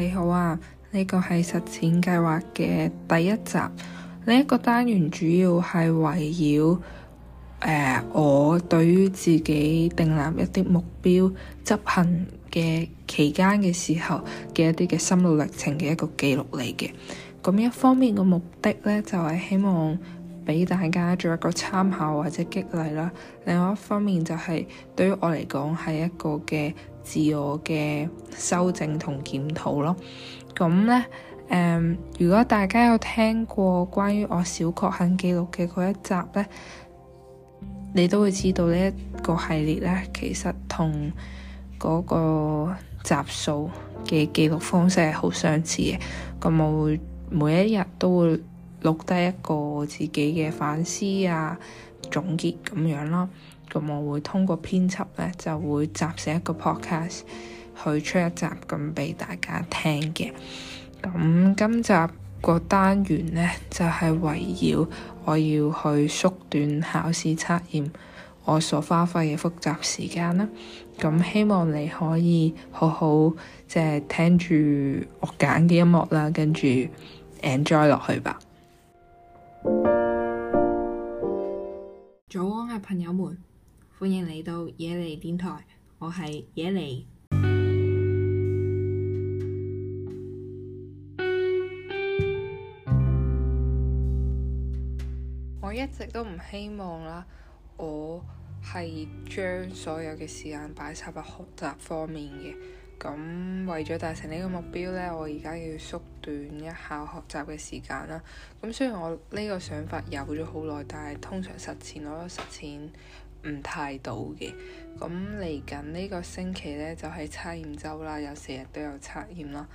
你好啊，呢、這個係實踐計劃嘅第一集。呢、這、一個單元主要係圍繞誒、呃、我對於自己訂立一啲目標執行嘅期間嘅時候嘅一啲嘅心路歷程嘅一個記錄嚟嘅。咁一方面嘅目的咧，就係、是、希望。俾大家做一個參考或者激勵啦。另外一方面就係對於我嚟講係一個嘅自我嘅修正同檢討咯。咁呢、嗯，如果大家有聽過關於我小確幸記錄嘅嗰一集呢，你都會知道呢一個系列呢，其實同嗰個集數嘅記錄方式係好相似嘅。咁我會每一日都會錄低一個自己嘅反思啊，總結咁樣咯。咁我會通過編輯咧，就會集成一個 podcast 去出一集咁畀大家聽嘅。咁今集個單元咧就係圍繞我要去縮短考試測驗我所花費嘅複習時間啦。咁希望你可以好好即係聽住我揀嘅音樂啦，跟住 enjoy 落去吧。早安啊，朋友們，歡迎嚟到野梨電台，我係野梨。我一直都唔希望啦，我係將所有嘅時間擺晒喺學習方面嘅。咁為咗達成呢個目標呢，我而家要縮短一下學習嘅時間啦。咁雖然我呢個想法有咗好耐，但係通常實踐我都實踐唔太到嘅。咁嚟緊呢個星期呢，就係測驗週啦，有四日都有測驗啦。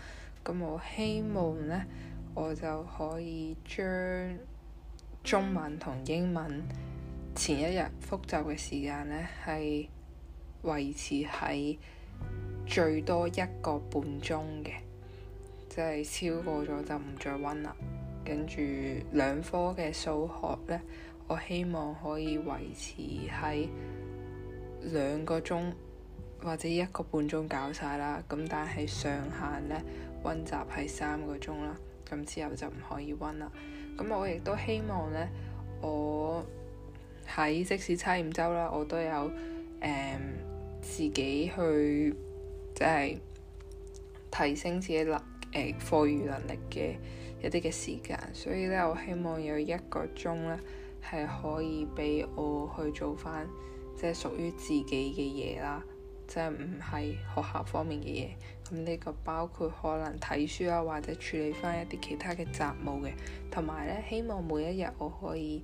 咁我希望呢，我就可以將中文同英文前一日複習嘅時間呢，係維持喺最多一個半鐘嘅，即係超過咗就唔再溫啦。跟住兩科嘅數學呢，我希望可以維持喺兩個鐘或者一個半鐘搞晒啦。咁但係上限呢，溫習係三個鐘啦。咁之後就唔可以溫啦。咁我亦都希望呢，我喺即使差五周啦，我都有、嗯自己去即係、就是，提升自己能誒、呃、課餘能力嘅一啲嘅時間，所以咧我希望有一個鐘咧係可以俾我去做翻即係屬於自己嘅嘢啦，即係唔係學校方面嘅嘢。咁呢個包括可能睇書啊，或者處理翻一啲其他嘅雜務嘅，同埋咧希望每一日我可以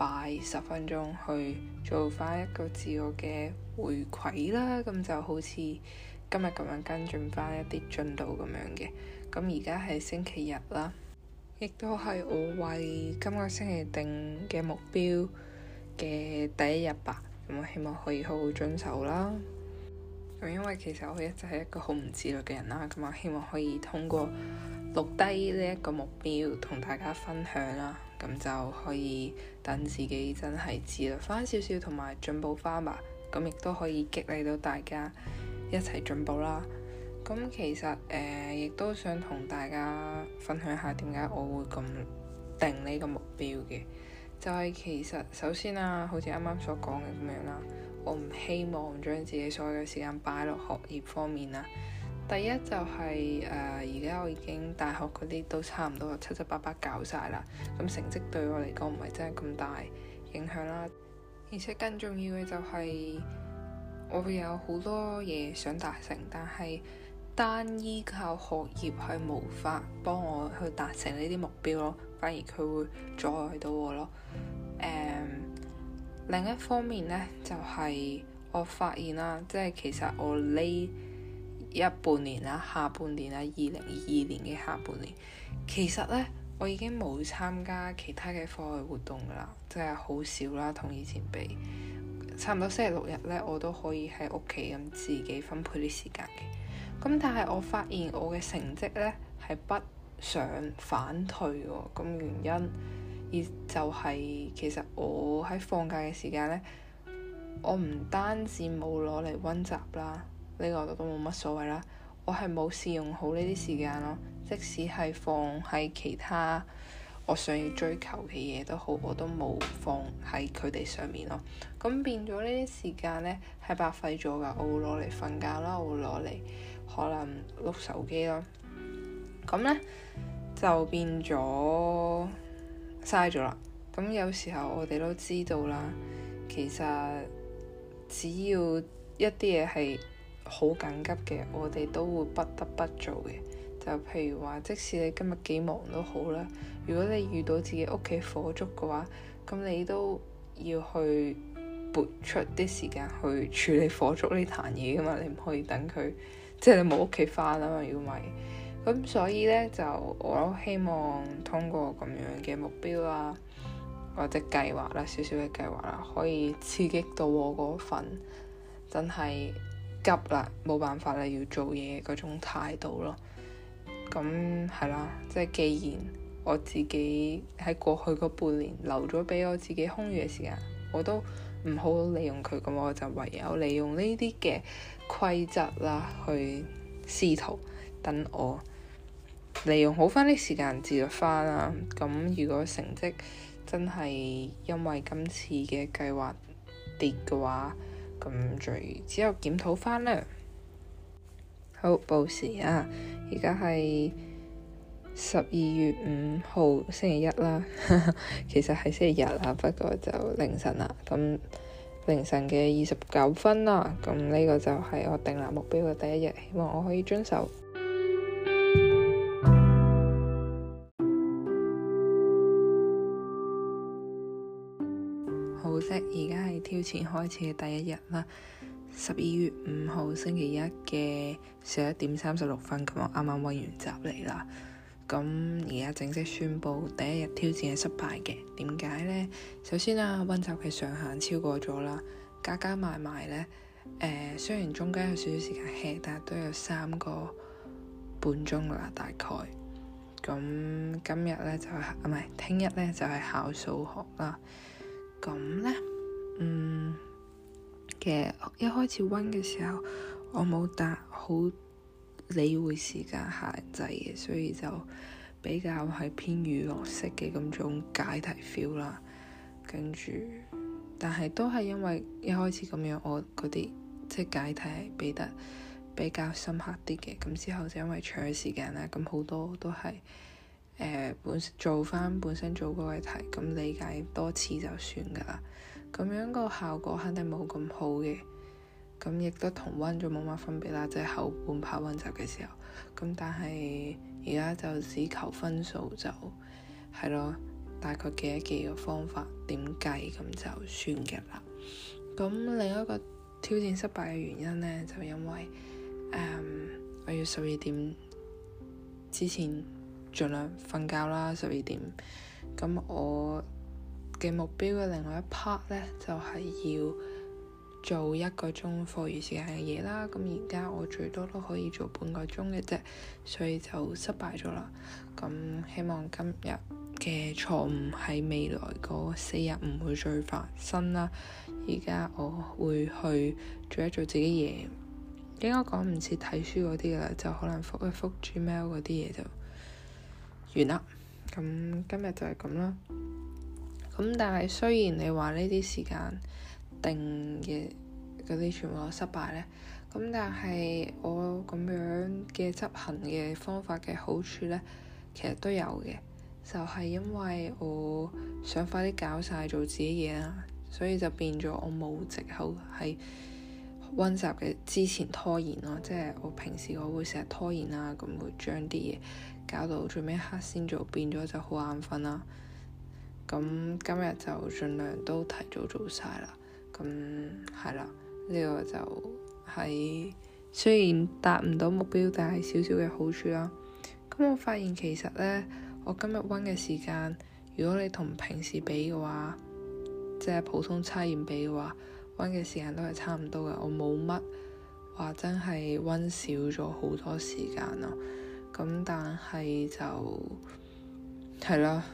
快十分鐘去做翻一個自我嘅回饋啦，咁就好似今日咁樣跟進翻一啲進度咁樣嘅。咁而家係星期日啦，亦都係我為今個星期定嘅目標嘅第一日吧。咁我希望可以好好遵守啦。咁因為其實我一直係一個好唔自律嘅人啦，咁我希望可以通過錄低呢一個目標同大家分享啦。咁就可以等自己真係自律翻少少，同埋進步翻吧。咁亦都可以激勵到大家一齊進步啦。咁其實誒、呃，亦都想同大家分享下點解我會咁定呢個目標嘅，就係、是、其實首先啦、啊，好似啱啱所講嘅咁樣啦，我唔希望將自己所有嘅時間擺落學業方面啦。第一就係誒，而家我已經大學嗰啲都差唔多七七八八搞晒啦。咁成績對我嚟講唔係真係咁大影響啦。而且更重要嘅就係我會有好多嘢想達成，但係單依靠學業係無法幫我去達成呢啲目標咯。反而佢會阻礙到我咯。誒、嗯，另一方面呢，就係我發現啦，即係其實我呢～一半年啦，下半年啦，二零二二年嘅下半年，其實呢，我已經冇參加其他嘅課外活動啦，即係好少啦，同以前比。差唔多星期六日呢，我都可以喺屋企咁自己分配啲時間嘅。咁但係我發現我嘅成績呢，係不升反退喎。咁原因而就係、是、其實我喺放假嘅時間呢，我唔單止冇攞嚟温習啦。呢個我都冇乜所謂啦。我係冇善用好呢啲時間咯。即使係放喺其他我想要追求嘅嘢都好，我都冇放喺佢哋上面咯。咁變咗呢啲時間呢，係白費咗㗎。我會攞嚟瞓覺啦，我會攞嚟可能碌手機咯。咁呢，就變咗嘥咗啦。咁有時候我哋都知道啦，其實只要一啲嘢係好緊急嘅，我哋都會不得不做嘅。就譬如話，即使你今日幾忙都好啦，如果你遇到自己屋企火燭嘅話，咁你都要去撥出啲時間去處理火燭呢壇嘢噶嘛。你唔可以等佢，即係你冇屋企返啊嘛，要咪咁。所以呢，就我都希望通過咁樣嘅目標啦、啊，或者計劃啦，少少嘅計劃啦，可以刺激到我嗰份真係。急啦，冇辦法啦，要做嘢嗰種態度咯。咁係啦，即係既然我自己喺過去嗰半年留咗俾我自己空餘嘅時間，我都唔好利用佢，咁我就唯有利用呢啲嘅規則啦，去試圖等我利用好翻啲時間，自律翻啦。咁如果成績真係因為今次嘅計劃跌嘅話，咁最只有檢討返啦。好，報時啊，而家係十二月五號星期一啦， 其實係星期日啊，不過就凌晨啦。咁凌晨嘅二十九分啦，咁呢個就係我訂立目標嘅第一日，希望我可以遵守。前開始嘅第一日啦，十二月五號星期一嘅十一點三十六分，咁我啱啱温完習嚟啦。咁而家正式宣布第一日挑戰係失敗嘅，點解呢？首先啦，温習嘅上限超過咗啦，加加埋埋呢，誒、呃，雖然中間有少少時間吃，但係都有三個半鐘啦，大概。咁今日呢就係，唔係聽日呢就係、是、考數學啦。咁呢。嗯，嘅，一開始温嘅時候，我冇答好理會時間限制嘅，所以就比較係偏娛樂式嘅咁種解題 feel 啦。跟住，但係都係因為一開始咁樣，我嗰啲即係解題係俾得比較深刻啲嘅。咁之後就因為搶時間啦，咁好多都係誒、呃、本做翻本身做過嘅題，咁理解多次就算噶啦。咁樣個效果肯定冇咁好嘅，咁亦都同温咗冇乜分別啦。即係後半 part 温習嘅時候，咁但係而家就只求分數就係咯，大概記一記個方法點計咁就算嘅啦。咁另一個挑戰失敗嘅原因咧，就因為誒、嗯、我要十二點之前儘量瞓覺啦，十二點咁我。嘅目標嘅另外一 part 咧，就係要做一個鐘課餘時間嘅嘢啦。咁而家我最多都可以做半個鐘嘅啫，所以就失敗咗啦。咁希望今日嘅錯誤喺未來嗰四日唔會再發生啦。而家我會去做一做自己嘢，應該講唔似睇書嗰啲啦，就可能復一復 Gmail 嗰啲嘢就完啦。咁今日就係咁啦。咁、嗯、但係雖然你話呢啲時間定嘅嗰啲全部都失敗咧，咁但係我咁樣嘅執行嘅方法嘅好處咧，其實都有嘅。就係、是、因為我想快啲搞晒做自己嘢喇，所以就變咗我冇藉口喺温習嘅之前拖延咯。即係我平時我會成日拖延喇，咁會將啲嘢搞到最尾一刻先做，變咗就好眼瞓啦。咁今日就盡量都提早做晒啦，咁係啦，呢個就係雖然達唔到目標，但係少少嘅好處啦。咁我發現其實呢，我今日温嘅時間，如果你同平時比嘅話，即係普通測驗比嘅話，温嘅時間都係差唔多嘅。我冇乜話真係温少咗好多時間咯。咁但係就係啦。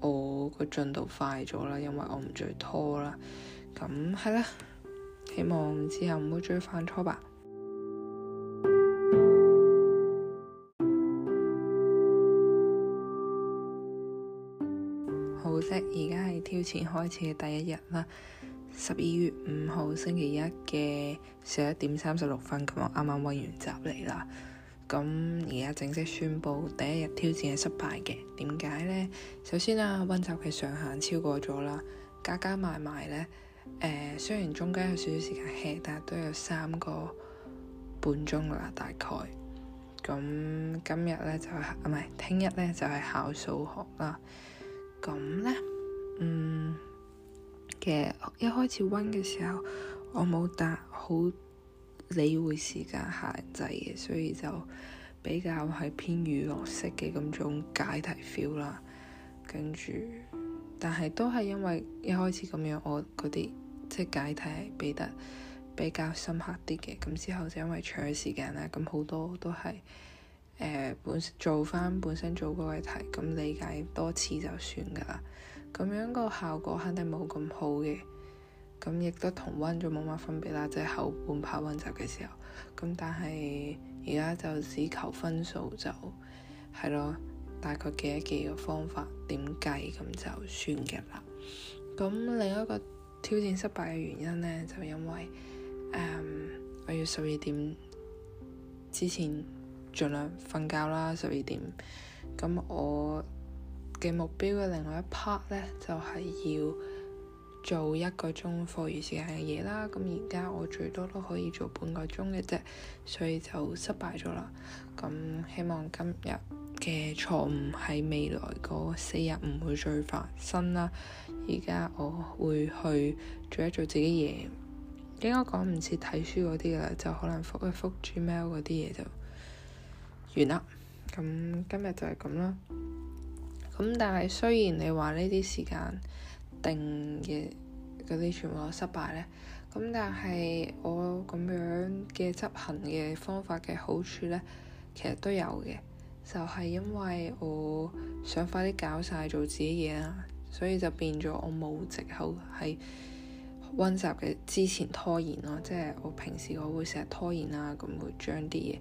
我個進度快咗啦，因為我唔再拖啦，咁係啦，希望之後唔好再犯錯吧。好嘅，而家係挑戰開始嘅第一日啦，十二月五號星期一嘅十一點三十六分，咁我啱啱温完習嚟啦。咁而家正式宣佈第一日挑戰係失敗嘅，點解咧？首先啦，溫習嘅上限超過咗啦，加加埋埋咧，誒、呃，雖然中間有少少時間 hea，但係都有三個半鐘啦，大概。咁、嗯、今日咧就，唔係，聽日咧就係、是、考數學啦。咁咧，嗯，其實一開始溫嘅時候，我冇答好。理會時間限制嘅，所以就比較係偏娛樂式嘅咁種解題 feel 啦。跟住，但係都係因為一開始咁樣，我嗰啲即係解題係俾得比較深刻啲嘅。咁之後就因為長時間啦，咁好多都係誒本做翻本身做過嘅題，咁理解多次就算噶啦。咁樣個效果肯定冇咁好嘅。咁亦都同溫咗冇乜分別啦，即係後半 part 溫習嘅時候。咁但係而家就只求分數就係咯，大概記一記個方法點計咁就算嘅啦。咁另一個挑戰失敗嘅原因呢，就因為誒、um, 我要十二點之前盡量瞓覺啦，十二點。咁我嘅目標嘅另外一 part 呢，就係、是、要。做一個鐘課餘時間嘅嘢啦，咁而家我最多都可以做半個鐘嘅啫，所以就失敗咗啦。咁希望今日嘅錯誤喺未來嗰四日唔會再發生啦。而家我會去做一做自己嘢，應該講唔似睇書嗰啲啦，就可能復一復 Gmail 嗰啲嘢就完就啦。咁今日就係咁啦。咁但係雖然你話呢啲時間，定嘅嗰啲全部都失敗咧，咁但係我咁樣嘅執行嘅方法嘅好處咧，其實都有嘅，就係因為我想快啲搞晒做自己嘢啦，所以就變咗我冇借口喺溫習嘅之前拖延咯，即係我平時我會成日拖延啦，咁會將啲嘢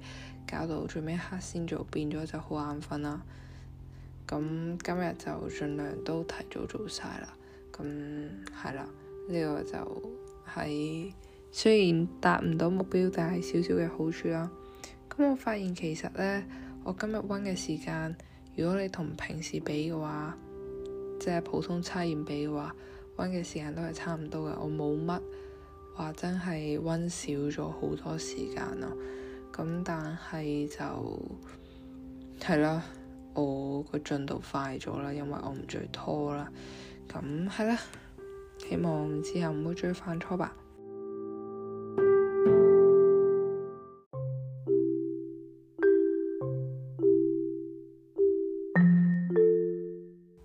搞到最尾一刻先做，變咗就好眼瞓啦。咁今日就盡量都提早做晒啦。咁係啦，呢個就係雖然達唔到目標，但係少少嘅好處啦。咁我發現其實呢，我今日溫嘅時間，如果你同平時比嘅話，即係普通測驗比嘅話，溫嘅時間都係差唔多嘅。我冇乜話真係溫少咗好多時間咯。咁但係就係啦，我個進度快咗啦，因為我唔再拖啦。咁係啦，希望之後唔好再犯錯吧。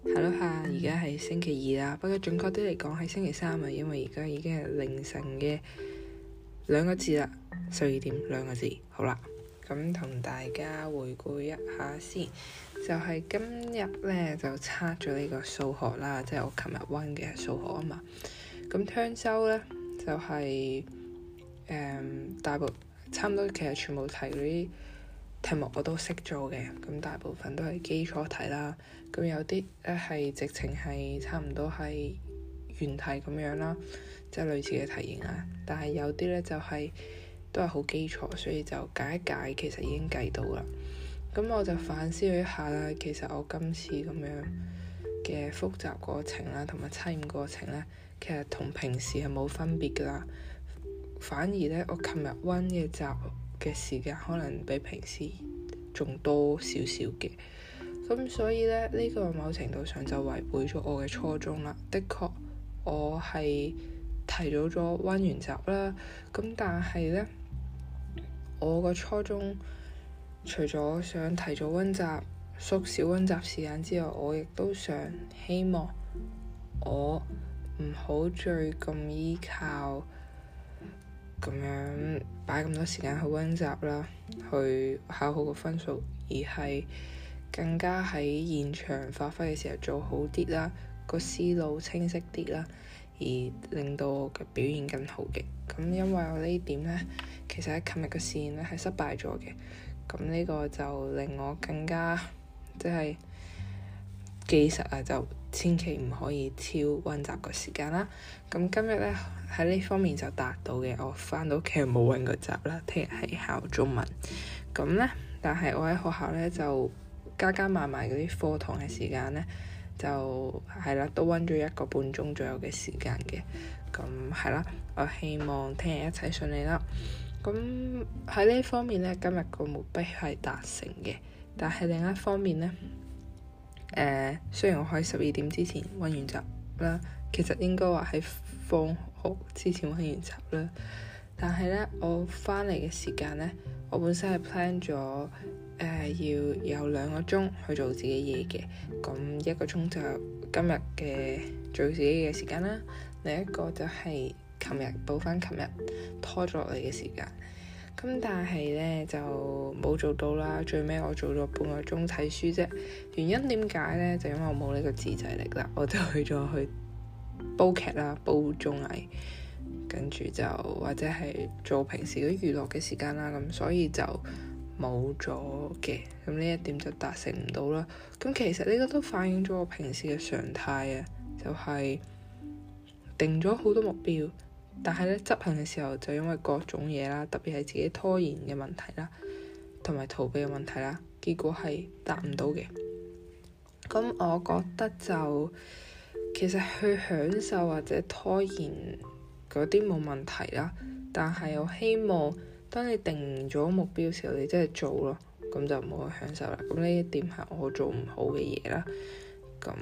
係咯吓，而家係星期二啦，不過準確啲嚟講係星期三啊，因為而家已經係凌晨嘅兩個字啦，十二點兩個字，好啦。咁同大家回顧一下先，就係、是、今日咧就測咗呢個數學啦，即係我琴日溫嘅數學啊嘛。咁聽週咧就係、是、誒、嗯、大部分差唔多，其實全部題嗰啲題目我都識做嘅，咁大部分都係基礎題啦。咁有啲咧係直情係差唔多係原題咁樣啦，即係類似嘅題型啦。但係有啲咧就係、是、～都係好基礎，所以就解一解，其實已經計到啦。咁我就反思咗一下啦，其實我今次咁樣嘅複習過程啦，同埋測驗過程咧，其實同平時係冇分別噶啦。反而咧，我琴日温嘅習嘅時間可能比平時仲多少少嘅。咁所以咧，呢個某程度上就違背咗我嘅初衷啦。的確，我係提早咗温完習啦。咁但係咧。我嘅初衷除咗想提早温習、縮小温習時間之外，我亦都想希望我唔好再咁依靠咁樣擺咁多時間去温習啦，去考好個分數，而係更加喺現場發揮嘅時候做好啲啦，個思路清晰啲啦。而令到我嘅表現更好嘅，咁因為我呢點呢，其實喺琴日嘅試驗呢係失敗咗嘅，咁呢個就令我更加即係技術啊，就千祈唔可以超温習嘅時間啦。咁今日呢，喺呢方面就達到嘅，我翻到屋企冇温過習啦。聽日係考中文，咁呢，但係我喺學校呢，就加加埋埋嗰啲課堂嘅時間呢。就係啦，都溫咗一個半鐘左右嘅時間嘅，咁係啦，我希望聽日一切順利啦。咁喺呢方面呢，今日個目標係達成嘅，但係另一方面呢，誒、呃，雖然我喺十二點之前溫完習啦，其實應該話喺放學之前溫完習啦，但係呢，我返嚟嘅時間呢，我本身係 plan 咗。誒、呃、要有兩個鐘去做自己嘢嘅，咁一個鐘就今日嘅做自己嘅時間啦。另一個就係琴日補翻琴日拖咗落嚟嘅時間。咁但係呢就冇做到啦。最尾我做咗半個鐘睇書啫。原因點解呢？就因為我冇呢個自制力啦，我就去咗去煲劇啦、煲綜藝，跟住就或者係做平時嗰啲娛樂嘅時間啦。咁所以就冇咗嘅，咁呢一點就達成唔到啦。咁其實呢個都反映咗我平時嘅常態啊，就係定咗好多目標，但係咧執行嘅時候就因為各種嘢啦，特別係自己拖延嘅問題啦，同埋逃避嘅問題啦，結果係達唔到嘅。咁我覺得就其實去享受或者拖延嗰啲冇問題啦，但係我希望。當你定咗目標時候，你真係做咯，咁就唔好去享受啦。咁呢一點係我做唔好嘅嘢啦，咁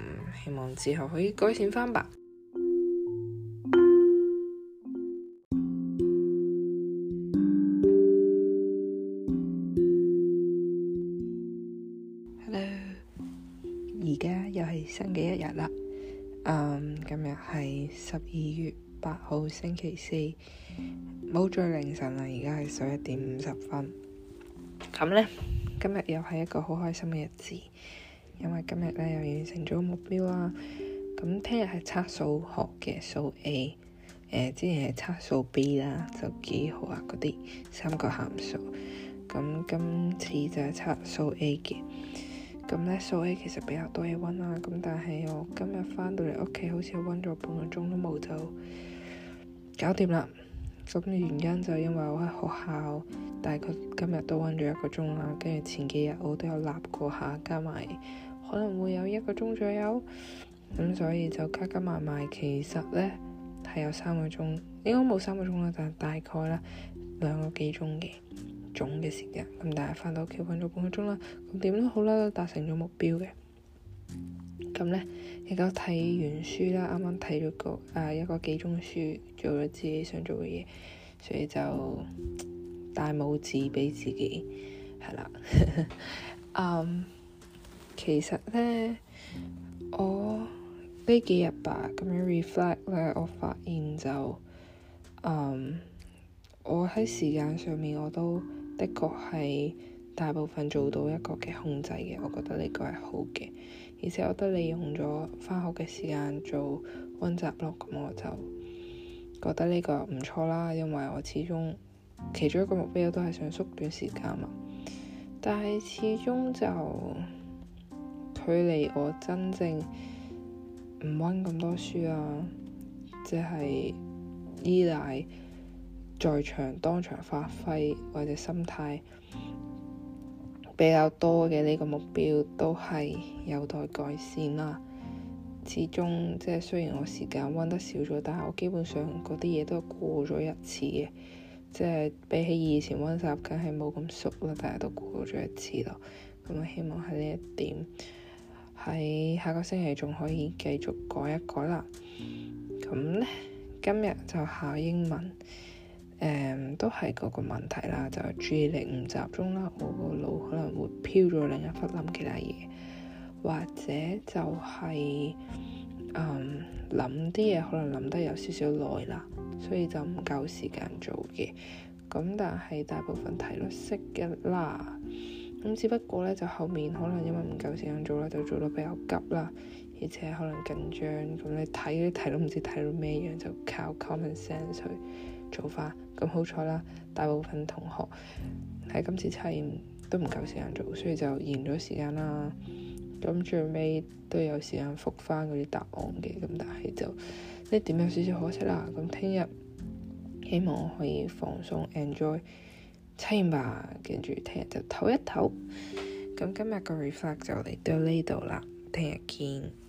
希望之後可以改善返吧。Hello，而家又係新嘅一、um, 日啦。嗯，今日係十二月八號，星期四。冇再凌晨啦，而家係十一點五十分。咁咧，今日又係一個好開心嘅日子，因為今日咧又完成咗目標啦。咁聽日係測數學嘅數 A，誒、呃、之前係測數 B 啦，就幾好啊嗰啲三角函數。咁今次就係測數 A 嘅。咁咧數 A 其實比較多嘢温啦，咁但係我今日翻到嚟屋企，好似温咗半個鐘都冇就搞掂啦。咁嘅原因就因為我喺學校，大概今日都溫咗一個鐘啦，跟住前幾日我都有立過下，加埋可能會有一個鐘左右，咁所以就加加埋埋，其實咧係有三個鐘，應該冇三個鐘啦，但係大概啦兩個幾鐘嘅總嘅時間，咁但係翻到屋企溫咗半個鐘啦，咁點都好啦，都達成咗目標嘅，咁咧。而家睇完書啦，啱啱睇咗個啊、呃、一個幾鐘書，做咗自己想做嘅嘢，所以就大拇指俾自己係啦。 um, 其實咧，我幾呢幾日吧咁樣 reflect 咧，我發現就、um, 我喺時間上面我都的確係大部分做到一個嘅控制嘅，我覺得呢個係好嘅。而且我覺得利用咗返學嘅時間做温習咯，咁我就覺得呢個唔錯啦，因為我始終其中一個目標都係想縮短時間嘛。但係始終就距離我真正唔温咁多書啊，即係依賴在場當場發揮或者心態。比較多嘅呢個目標都係有待改善啦。始終即係雖然我時間温得少咗，但係我基本上嗰啲嘢都過咗一次嘅。即係比起以前温習，梗係冇咁熟啦，但係都過咗一次咯。咁我希望喺呢一點喺下個星期仲可以繼續改一改啦。咁咧今日就考英文。誒、um, 都係個個問題啦，就注意力唔集中啦，我個腦可能會飄咗另一忽諗其他嘢，或者就係誒諗啲嘢可能諗得有少少耐啦，所以就唔夠時間做嘅。咁但係大部分題都識嘅啦，咁只不過呢，就後面可能因為唔夠時間做啦，就做得比較急啦，而且可能緊張，咁你睇咧睇都唔知睇到咩樣，就靠 common sense 去。做翻咁好彩啦，大部分同學喺今次測驗都唔夠時間做，所以就延咗時間啦。咁最尾都有時間復翻嗰啲答案嘅，咁但係就呢點有少少可惜啦。咁聽日希望可以放鬆 enjoy 測驗吧，跟住聽日就唞一唞。咁今日個 reflect 就嚟到呢度啦，聽日見。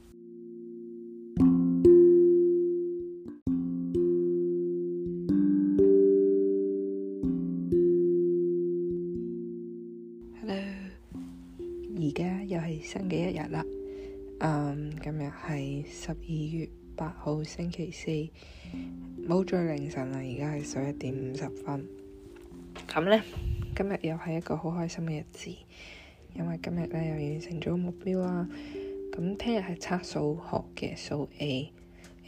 係十二月八號星期四，冇再凌晨啦，而家係十一點五十分。咁呢，今日又係一個好開心嘅日子，因為今日咧又完成咗目標啦。咁聽日係測數學嘅數 A，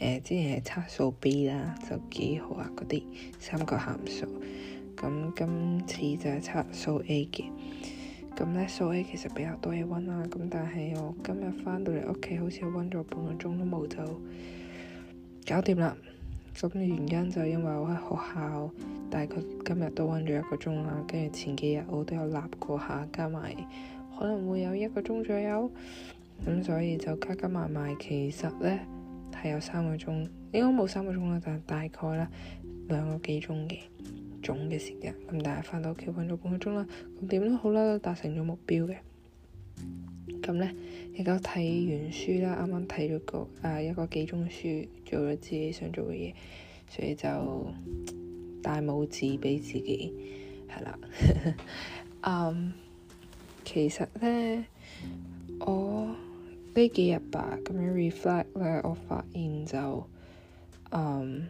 誒、呃，之前係測數 B 啦，就幾好啊嗰啲三角函數。咁今次就係測數 A 嘅。咁呢數 A 其實比較多嘢温啦，咁但係我今日返到嚟屋企，好似温咗半個鐘都冇就搞掂啦。咁嘅原因就因為我喺學校大概今日都温咗一個鐘啦，跟住前幾日我都有立過下，加埋可能會有一個鐘左右，咁所以就加加埋埋其實呢係有三個鐘，應該冇三個鐘啦，但係大概啦兩個幾鐘嘅。總嘅時間，咁但係翻到屋企瞓咗半個鐘啦，咁點都好啦，達成咗目標嘅。咁咧，而家睇完書啦，啱啱睇咗個啊、呃、一個幾鐘書，做咗自己想做嘅嘢，所以就大拇指畀自己係啦。嗯， um, 其實咧，我呢幾日吧咁樣 reflect 咧，我發現就嗯，um,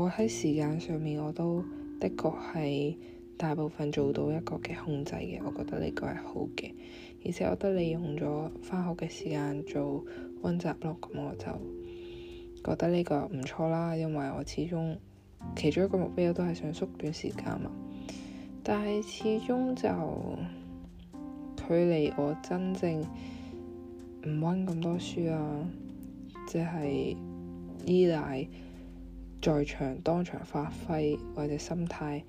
我喺時間上面我都。的確係大部分做到一個嘅控制嘅，我覺得呢個係好嘅，而且我覺得利用咗返學嘅時間做温習咯，咁我就覺得呢個唔錯啦，因為我始終其中一個目標都係想縮短時間嘛，但係始終就距離我真正唔温咁多書啊，即係依賴。在場當場發揮或者心態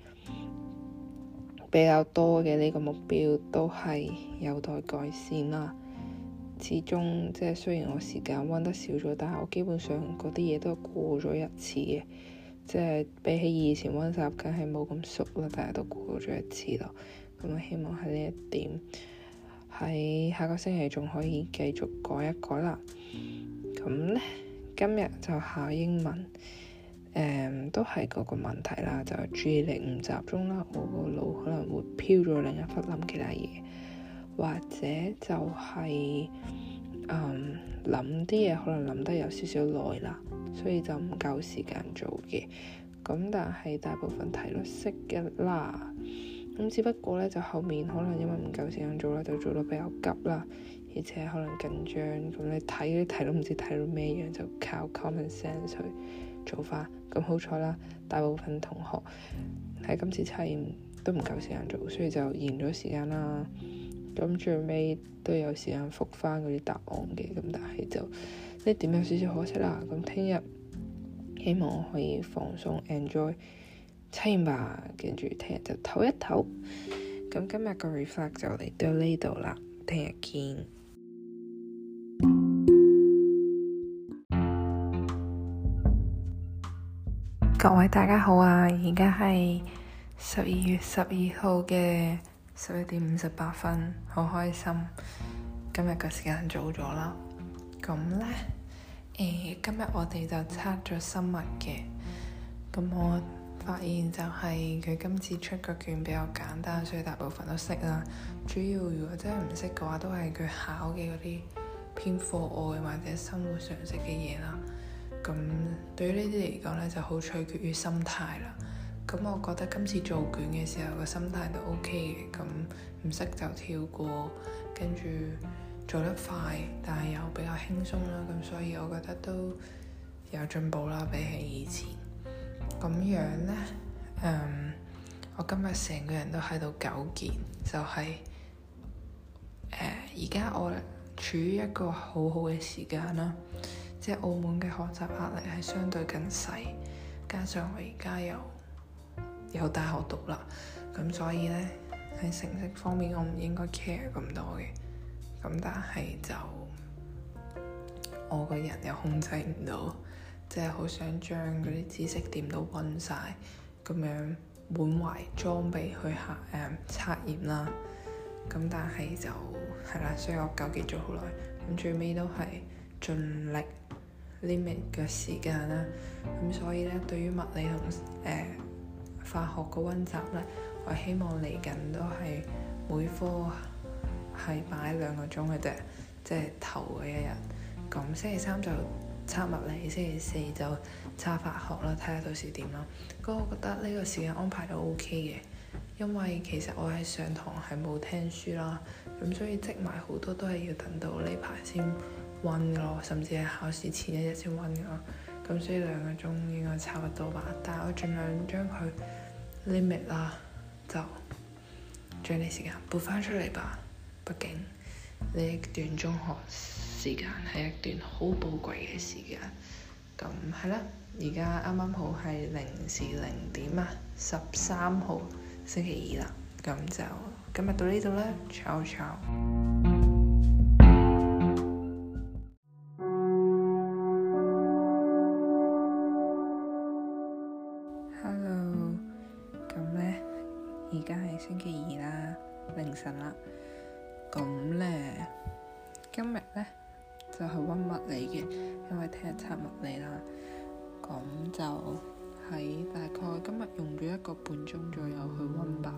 比較多嘅呢個目標都係有待改善啦。始終即係雖然我時間温得少咗，但係我基本上嗰啲嘢都係過咗一次嘅。即係比起以前温習，梗係冇咁熟啦。但係都過咗一次咯。咁希望喺呢一點喺下個星期仲可以繼續改一改啦。咁呢，今日就考英文。誒、um, 都係個個問題啦，就注意力唔集中啦，我個腦可能會飄咗另一忽諗其他嘢，或者就係誒諗啲嘢可能諗得有少少耐啦，所以就唔夠時間做嘅。咁但係大部分睇得識嘅啦，咁只不過咧就後面可能因為唔夠時間做啦，就做得比較急啦，而且可能緊張，咁你睇啲題都唔知睇到咩樣，就靠 common sense 去。做翻咁好彩啦，大部分同學喺今次測驗都唔夠時間做，所以就延咗時間啦。咁最尾都有時間復翻嗰啲答案嘅，咁但係就呢點有少少可惜啦。咁聽日希望可以放鬆 enjoy 測驗吧，跟住聽日就唞一唞。咁今日個 reflect 就嚟到呢度啦，聽日見。各位大家好啊，而家係十二月十二號嘅十一點五十八分，好開心。今日嘅時間早咗啦，咁呢，誒、欸，今日我哋就測咗生物嘅，咁我發現就係佢今次出嘅卷比較簡單，所以大部分都識啦。主要如果真係唔識嘅話，都係佢考嘅嗰啲偏課外或者生活常識嘅嘢啦。咁對於呢啲嚟講呢，就好取決於心態啦。咁我覺得今次做卷嘅時候個心態都 OK 嘅，咁唔識就跳過，跟住做得快，但係又比較輕鬆啦。咁所以我覺得都有進步啦，比起以前。咁樣呢，嗯，我今日成個人都喺度糾結，就係而家我處於一個好好嘅時間啦。即係澳門嘅學習壓力係相對更細，加上我而家又有大學讀啦，咁所以呢，喺成績方面我唔應該 care 咁多嘅，咁但係就我個人又控制唔到，即係好想將嗰啲知識點都溫晒，咁樣滿懷裝備去考誒測驗啦，咁但係就係啦，所以我糾結咗好耐，咁最尾都係盡力。limit 嘅時間啦，咁所以咧，對於物理同誒化學嘅温習咧，我希望嚟緊都係每科係擺兩個鐘嘅啫，即係頭嘅一日。咁星期三就測物理，星期四就測化學啦，睇下到時點咯。咁我覺得呢個時間安排都 OK 嘅，因為其實我喺上堂係冇聽書啦，咁所以積埋好多都係要等到呢排先。溫咯，甚至係考試前一日先溫嘅咯，咁所以兩個鐘應該差唔多吧。但係我盡量將佢 limit 啦，就將啲時間撥翻出嚟吧。畢竟呢一段中學時間係一段好寶貴嘅時間。咁係啦，而家啱啱好係零時零點啊，十三號星期二啦。咁就今日到呢度啦，Cheers！一個半鐘左右去溫吧，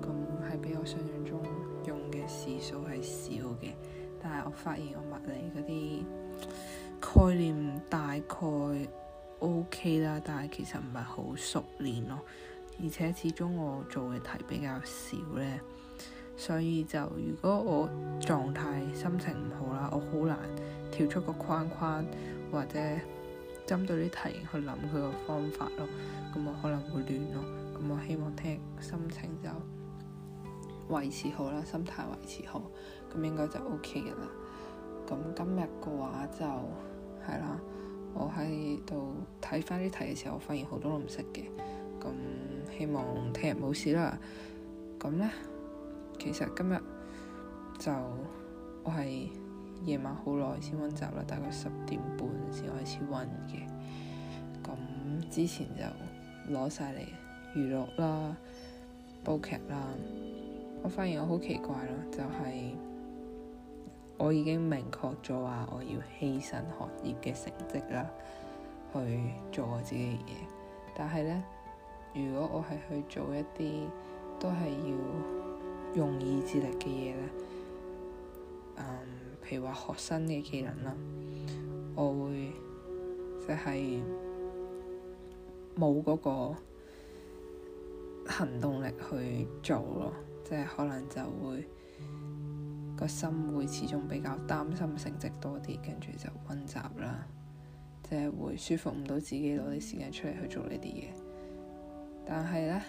咁係比我想象中用嘅時數係少嘅。但係我發現我物理嗰啲概念大概 OK 啦，但係其實唔係好熟練咯。而且始終我做嘅題比較少咧，所以就如果我狀態心情唔好啦，我好難跳出個框框或者。針對啲題型去諗佢個方法咯，咁我可能會亂咯，咁我希望聽日心情就維持好啦，心態維持好，咁應該就 OK 嘅啦。咁今日嘅話就係啦，我喺度睇返啲題嘅時候，我發現好多都唔識嘅，咁希望聽日冇事啦。咁咧，其實今日就我係。夜晚好耐先温習啦，大概十點半先開始温嘅。咁之前就攞晒嚟娛樂啦、煲劇啦。我發現我好奇怪咯，就係我已經明確咗話我要犧牲學業嘅成績啦，去做我自己嘅嘢。但係咧，如果我係去做一啲都係要用意志力嘅嘢咧，嗯譬如話學新嘅技能啦，我會即係冇嗰個行動力去做咯，即係可能就會個心會始終比較擔心成績多啲，跟住就温習啦，即係會舒服唔到自己攞啲時間出嚟去做呢啲嘢。但係咧，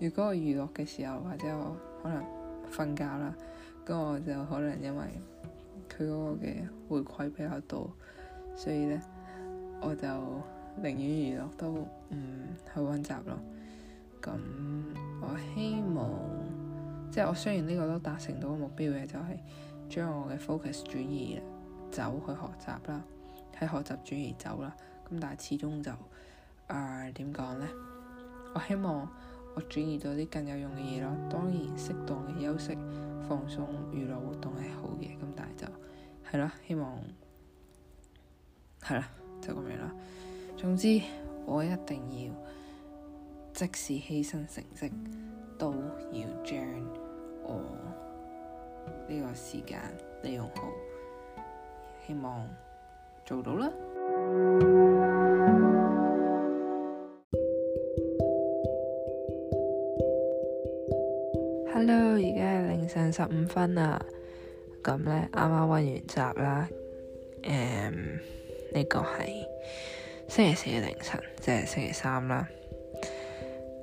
如果我娛樂嘅時候或者我可能瞓覺啦，咁我就可能因為。佢嗰個嘅回饋比較多，所以咧我就寧願娛樂都唔去温習咯。咁、嗯、我希望即係我雖然呢個都達成到個目標嘅，就係、是、將我嘅 focus 轉移走去學習啦，喺學習轉移走啦。咁但係始終就誒點講咧？我希望。我轉移到啲更有用嘅嘢咯，當然適當嘅休息、放鬆、娛樂活動係好嘅，咁但係就係咯，希望係啦，就咁樣啦。總之，我一定要，即使犧牲成績，都要將我呢個時間利用好，希望做到啦。Hello，而家係凌晨十五分啦，咁咧啱啱温完習啦，誒、嗯，呢、呢個係星期四嘅凌晨，即係星期三啦。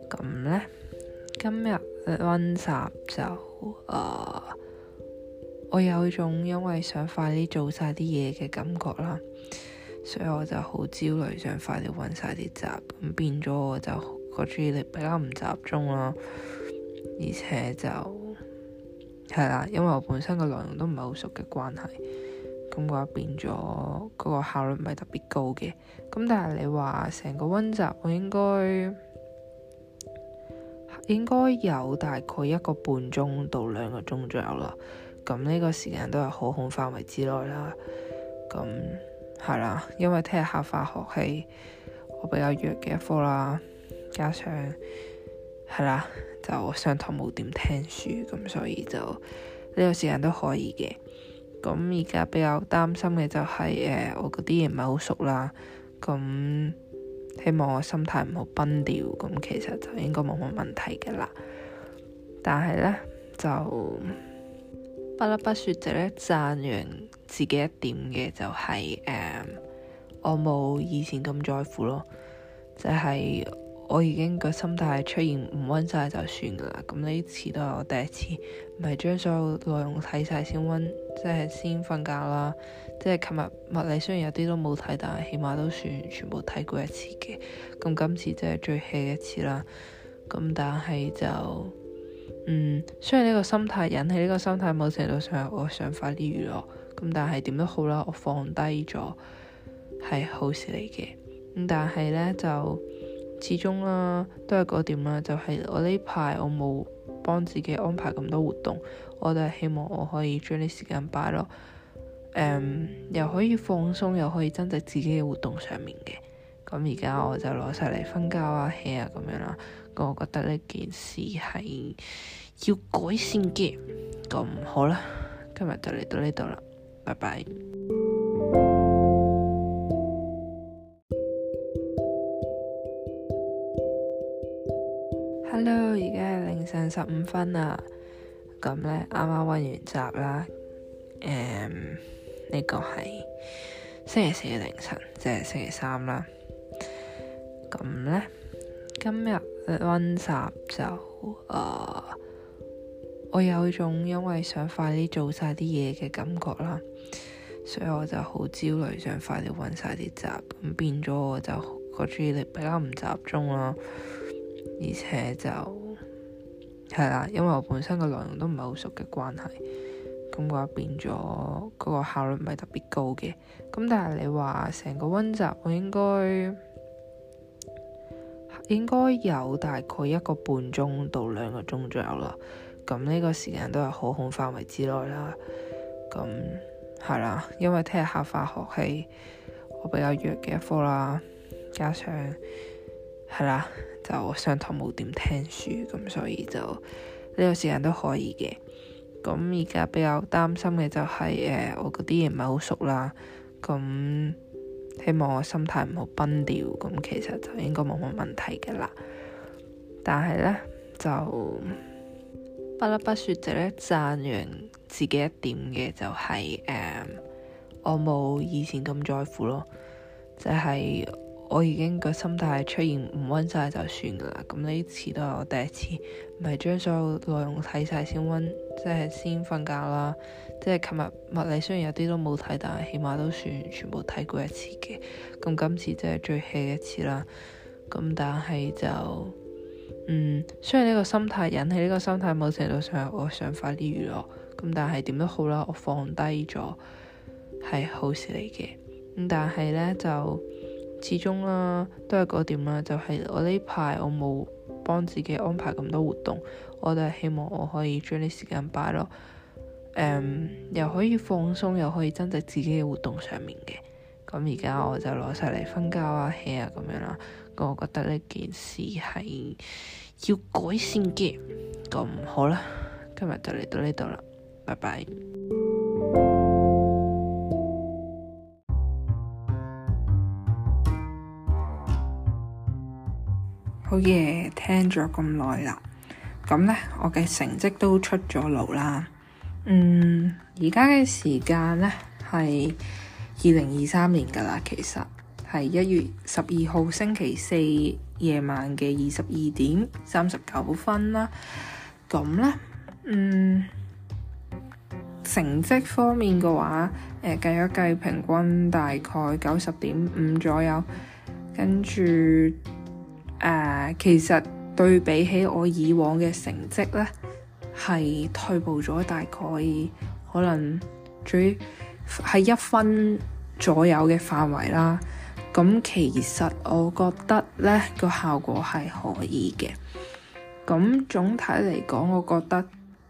咁咧，今日温習就誒、啊，我有種因為想快啲做晒啲嘢嘅感覺啦，所以我就好焦慮，想快啲温晒啲習，咁變咗我就個注意力比較唔集中囉。而且就係啦，因為我本身個內容都唔係好熟嘅關係，咁嘅話變咗嗰個效率唔係特別高嘅。咁但係你話成個温習，我應該應該有大概一個半鐘到兩個鐘左右啦。咁呢個時間都係可控範圍之內啦。咁係啦，因為聽日考化學係我比較弱嘅一科啦，加上。係啦，就上堂冇點聽書，咁所以就呢、這個時間都可以嘅。咁而家比較擔心嘅就係、是，誒、呃，我嗰啲嘢唔係好熟啦。咁希望我心態唔好崩掉，咁其實就應該冇乜問題嘅啦。但係咧，就不得不說就咧讚揚自己一點嘅就係、是，誒、呃，我冇以前咁在乎咯，即、就、係、是。我已經個心態出現唔温晒就算噶啦。咁呢次都係我第一次，唔係將所有內容睇晒先温，即係先瞓覺啦。即係琴日物理雖然有啲都冇睇，但係起碼都算全部睇過一次嘅。咁今次真係最 hea 嘅一次啦。咁但係就嗯，雖然呢個心態引起呢個心態，某程度上我想快啲娛樂。咁但係點都好啦，我放低咗係好事嚟嘅。咁但係咧就。始終啦、啊，都係嗰點啦、啊，就係、是、我呢排我冇幫自己安排咁多活動，我都係希望我可以將啲時間擺落，誒、嗯，又可以放鬆，又可以增值自己嘅活動上面嘅。咁而家我就攞晒嚟瞓覺啊，hea 啊，咁、 啊、樣啦、啊。咁我覺得呢件事係要改善嘅。咁、嗯、好啦，今日就嚟到呢度啦，拜拜。剩十五分啦，咁咧啱啱温完習啦。誒、嗯，呢、這個係星期四嘅凌晨，即係星期三啦。咁咧，今日温習就誒、呃，我有種因為想快啲做晒啲嘢嘅感覺啦，所以我就好焦慮，想快啲温晒啲習，咁變咗我就個注意力比較唔集中囉，而且就。係啦，因為我本身個內容都唔係好熟嘅關係，咁嘅話變咗嗰個效率唔係特別高嘅。咁但係你話成個温習，我應該應該有大概一個半鐘到兩個鐘左右啦。咁呢個時間都係可控範圍之內啦。咁係啦，因為聽日考化學係我比較弱嘅一科啦，加上。係啦，就我上堂冇點聽書，咁所以就呢、這個時間都可以嘅。咁而家比較擔心嘅就係、是，誒、呃，我嗰啲嘢唔係好熟啦。咁希望我心態唔好崩掉，咁其實就應該冇乜問題嘅啦。但係咧，就、呃、不得不說，地咧讚揚自己一點嘅就係、是，誒、呃，我冇以前咁在乎咯。即、就、係、是。我已經個心態出現唔温晒就算噶啦，咁呢次都係我第一次，唔係將所有內容睇晒、就是、先温，即係先瞓覺啦。即係琴日物理雖然有啲都冇睇，但係起碼都算全部睇過一次嘅。咁今次即係最 hea 嘅一次啦。咁但係就，嗯，雖然呢個心態引起呢個心態，某程度上我想快啲娛樂。咁但係點都好啦，我放低咗，係好事嚟嘅。咁但係咧就。始終啦、啊，都係嗰點啦，就係、是、我呢排我冇幫自己安排咁多活動，我都係希望我可以將啲時間擺落，誒、嗯，又可以放鬆，又可以增值自己嘅活動上面嘅。咁而家我就攞晒嚟瞓覺啊、hea 啊咁樣啦。咁我覺得呢件事係要改善嘅。咁好啦，今日就嚟到呢度啦，拜拜。好嘢，聽咗咁耐啦，咁呢，我嘅成績都出咗爐啦。嗯，而家嘅時間呢，係二零二三年㗎啦，其實係一月十二號星期四夜晚嘅二十二點三十九分啦。咁呢，嗯，成績方面嘅話，誒計一計平均大概九十點五左右，跟住。誒，uh, 其實對比起我以往嘅成績呢係退步咗，大概可能最係一分左右嘅範圍啦。咁、嗯、其實我覺得呢個效果係可以嘅。咁、嗯、總體嚟講，我覺得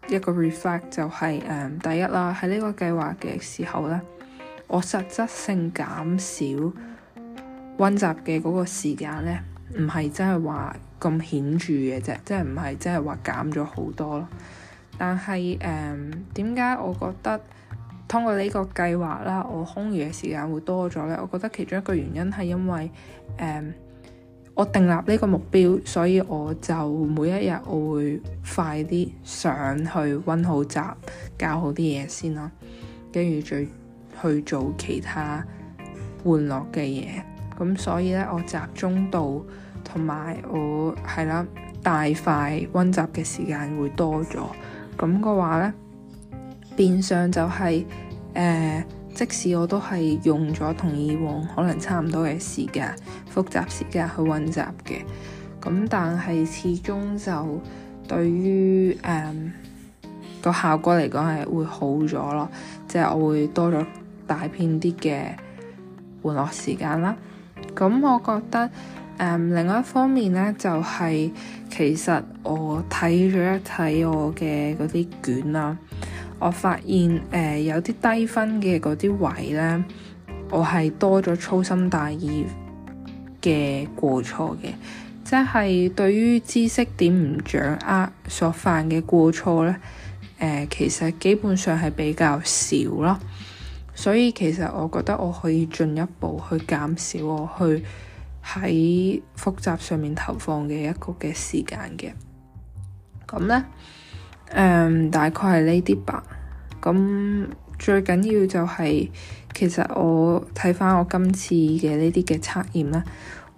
一個 reflect 就係、是、誒、嗯、第一啦，喺呢個計劃嘅時候呢，我實質性減少温習嘅嗰個時間呢。唔係真係話咁顯著嘅啫，即係唔係真係話減咗好多咯。但係誒點解我覺得通過呢個計劃啦，我空餘嘅時間會多咗呢？我覺得其中一個原因係因為誒、嗯、我訂立呢個目標，所以我就每一日我會快啲上去温好習，教好啲嘢先啦，跟住再去做其他玩樂嘅嘢。咁所以呢，我集中到。同埋我係啦，大塊温習嘅時間會多咗，咁嘅話呢，變相就係、是、誒、呃，即使我都係用咗同以往可能差唔多嘅時間複習時間去温習嘅，咁但係始終就對於誒個、呃、效果嚟講係會好咗咯，即、就、係、是、我會多咗大片啲嘅玩樂時間啦，咁我覺得。Um, 另外一方面咧，就係、是、其實我睇咗一睇我嘅嗰啲卷啦，我發現誒、呃、有啲低分嘅嗰啲位咧，我係多咗粗心大意嘅過錯嘅，即係對於知識點唔掌握所犯嘅過錯咧，誒、呃、其實基本上係比較少咯，所以其實我覺得我可以進一步去減少我去，喺複習上面投放嘅一個嘅時間嘅，咁咧，誒、嗯、大概係呢啲吧。咁最緊要就係，其實我睇翻我今次嘅呢啲嘅測驗咧，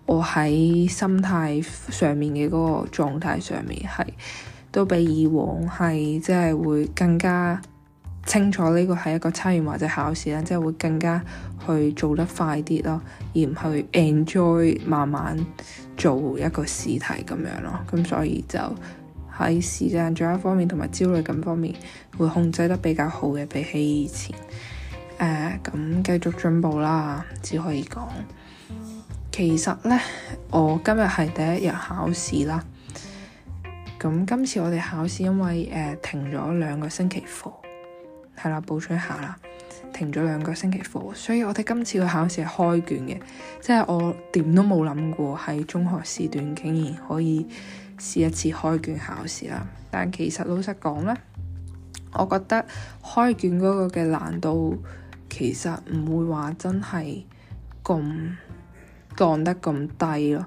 我喺心態上面嘅嗰個狀態上面係，都比以往係即係會更加。清楚呢個係一個測驗或者考試咧，即係會更加去做得快啲咯，而唔去 enjoy 慢慢做一個試題咁樣咯。咁所以就喺時間，仲有一方面同埋焦慮感方面，會控制得比較好嘅，比起以前。誒、呃、咁繼續進步啦，只可以講。其實呢，我今日係第一日考試啦。咁今次我哋考試，因為誒、呃、停咗兩個星期課。係啦，補充一下啦，停咗兩個星期課，所以我哋今次嘅考試係開卷嘅，即係我點都冇諗過喺中學時段竟然可以試一次開卷考試啦。但其實老實講咧，我覺得開卷嗰個嘅難度其實唔會話真係咁降得咁低咯，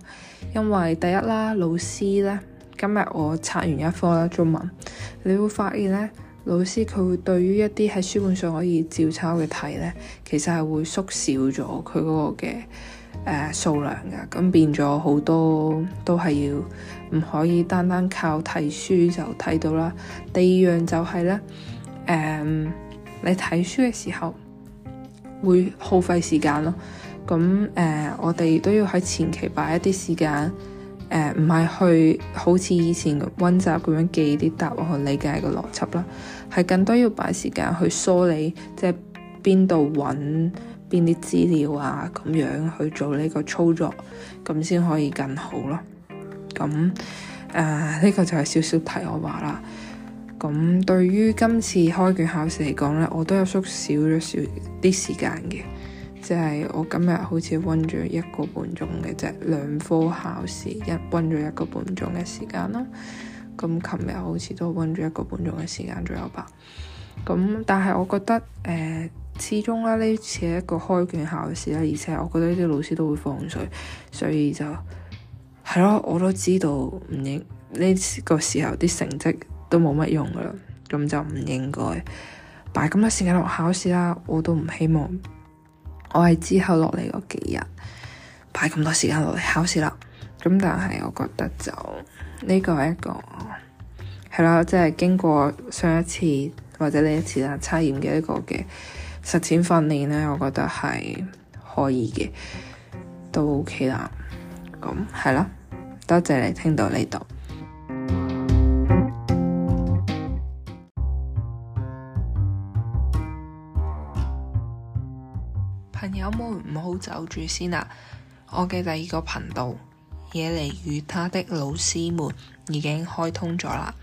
因為第一啦，老師咧，今日我拆完一科啦，中文，你會發現咧。老師佢會對於一啲喺書本上可以照抄嘅題呢，其實係會縮小咗佢嗰個嘅誒、呃、數量噶，咁變咗好多都係要唔可以單單靠睇書就睇到啦。第二樣就係呢，誒、呃、你睇書嘅時候會耗費時間咯。咁誒、呃，我哋都要喺前期擺一啲時間，誒唔係去好似以前温習咁樣記啲答案同理解一個邏輯啦。係更多要擺時間去梳理，即係邊度揾邊啲資料啊，咁樣去做呢個操作，咁先可以更好咯。咁誒，呢個就係少少題外話啦。咁對於今次開卷考試嚟講呢，我都有縮少咗少啲時間嘅，即係我今日好似温咗一個半鐘嘅啫，兩科考試一温咗一個半鐘嘅時間啦。咁琴日好似都温咗一個半鐘嘅時間左右吧。咁但係我覺得誒、呃，始終啦呢次係一個開卷考試啦，而且我覺得呢啲老師都會放水，所以就係咯，我都知道唔應呢個時候啲成績都冇乜用㗎喇。咁就唔應該擺咁多時間落考試啦。我都唔希望我係之後落嚟嗰幾日擺咁多時間落嚟考試啦。咁但係我覺得就。呢個係一個係啦，即係經過上一次或者呢一次啦測驗嘅一個嘅實踐訓練咧，我覺得係可以嘅，都 OK 啦。咁係啦，多謝你聽到呢度。朋友們唔好走住先啊！我嘅第二個頻道。嘢嚟，與他的老師們已經開通咗啦。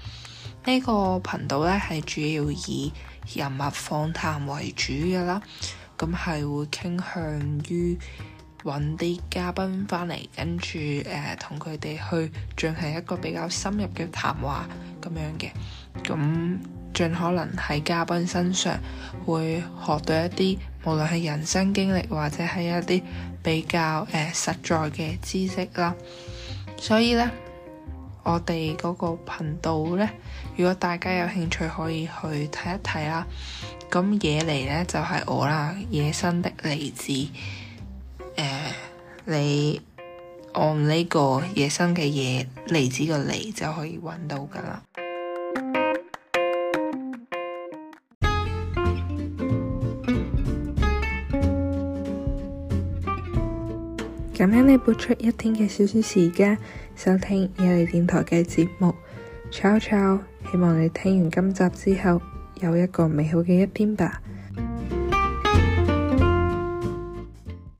這個、頻呢個頻道咧係主要以人物訪談為主嘅啦，咁係會傾向於揾啲嘉賓返嚟，跟住誒同佢哋去進行一個比較深入嘅談話咁樣嘅，咁盡可能喺嘉賓身上會學到一啲。無論係人生經歷或者係一啲比較誒、呃、實在嘅知識啦，所以呢，我哋嗰個頻道呢，如果大家有興趣可以去睇一睇啦。咁野梨呢，就係、是、我啦，野生的梨子，誒、呃、你按呢個野生嘅野梨子個梨，就可以揾到噶啦。感恩你撥出一天嘅小小時間收聽 Yanni 電台嘅節目，Ciao Ciao，希望你聽完今集之後有一個美好嘅一天吧。